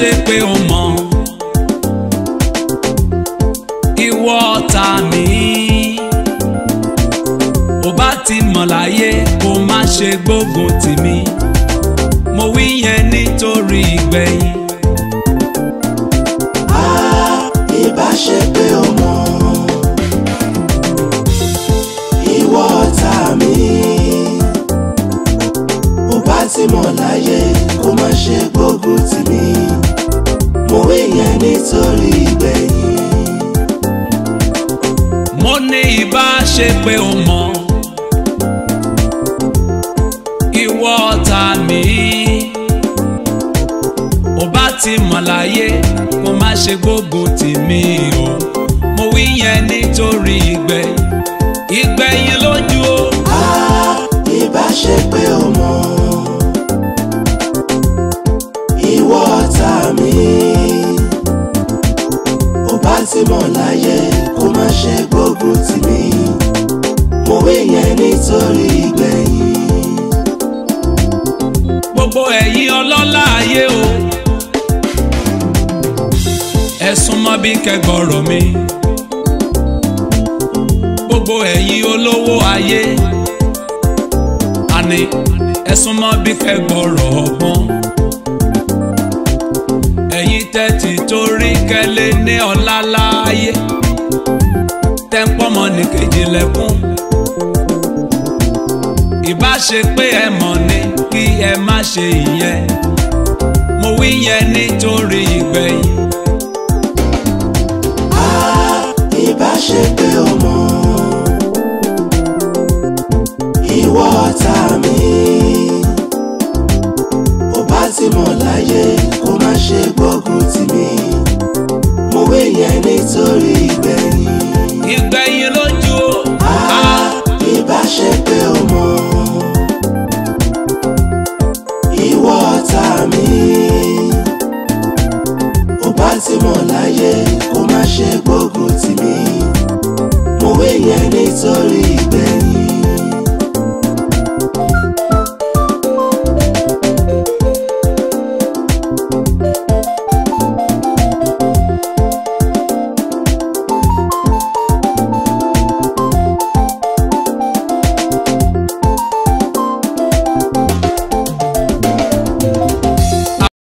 ṣe pé o mọ̀ ìwọ ọ̀tá mi ò bá ti mọ̀ láyé kó má ṣe gbógun tì mí mo wí yẹn nítorí ìgbẹ̀yìn. a ìbá ṣe pé o mọ̀ ìwọ ọ̀tá ti mọ̀ láyé kó má ṣe gbógun tì mí nítorí ìgbẹ̀yìn. mo ní ìbá ṣe pé o mọ̀ ìwọ ọ̀tá mi ò bá ti mọ̀ láyé kó má ṣe gbógun tì mí o mo wí yẹn nítorí ìgbẹ̀yìn ìgbẹ̀yìn lójú o. a ìbá ṣe pé o mọ̀ ìwọ ọ̀tá mi mọ̀ láyé kó má ṣe gbógun tì mí mo wí yẹn nítorí ìgbẹ̀yìn. gbogbo ẹ̀yin ọlọ́lá ayé o ẹ̀sùn mọ́ bí kẹgbọ́rọ̀ mi gbogbo ẹ̀yin olówó ayé àní ẹ̀sùn mọ́ bí kẹgbọ́rọ̀ ọgbọ́n. kẹ́lẹ́ ní ọ̀la láàyè tẹ́ ní kejì lẹ́kún pé ẹ mọ̀ ni kí ẹ má ṣe ìyẹn mo wí yẹn nítorí ìgbẹ̀yìn. a ìbá ṣe pé o mọ̀ ìwọ ọ̀tá mi ò bá ti mọ̀ láyé kó má ṣe gbọ́. sórí ìgbẹ̀yìn. ìgbẹ̀yìn ló ju. a ìbáṣe pé o mọ̀. ìwọ ọ̀tá mi. ó bá ti mọ̀ láyé kó má ṣe gbógun tì mí. mo wé yẹn nítorí.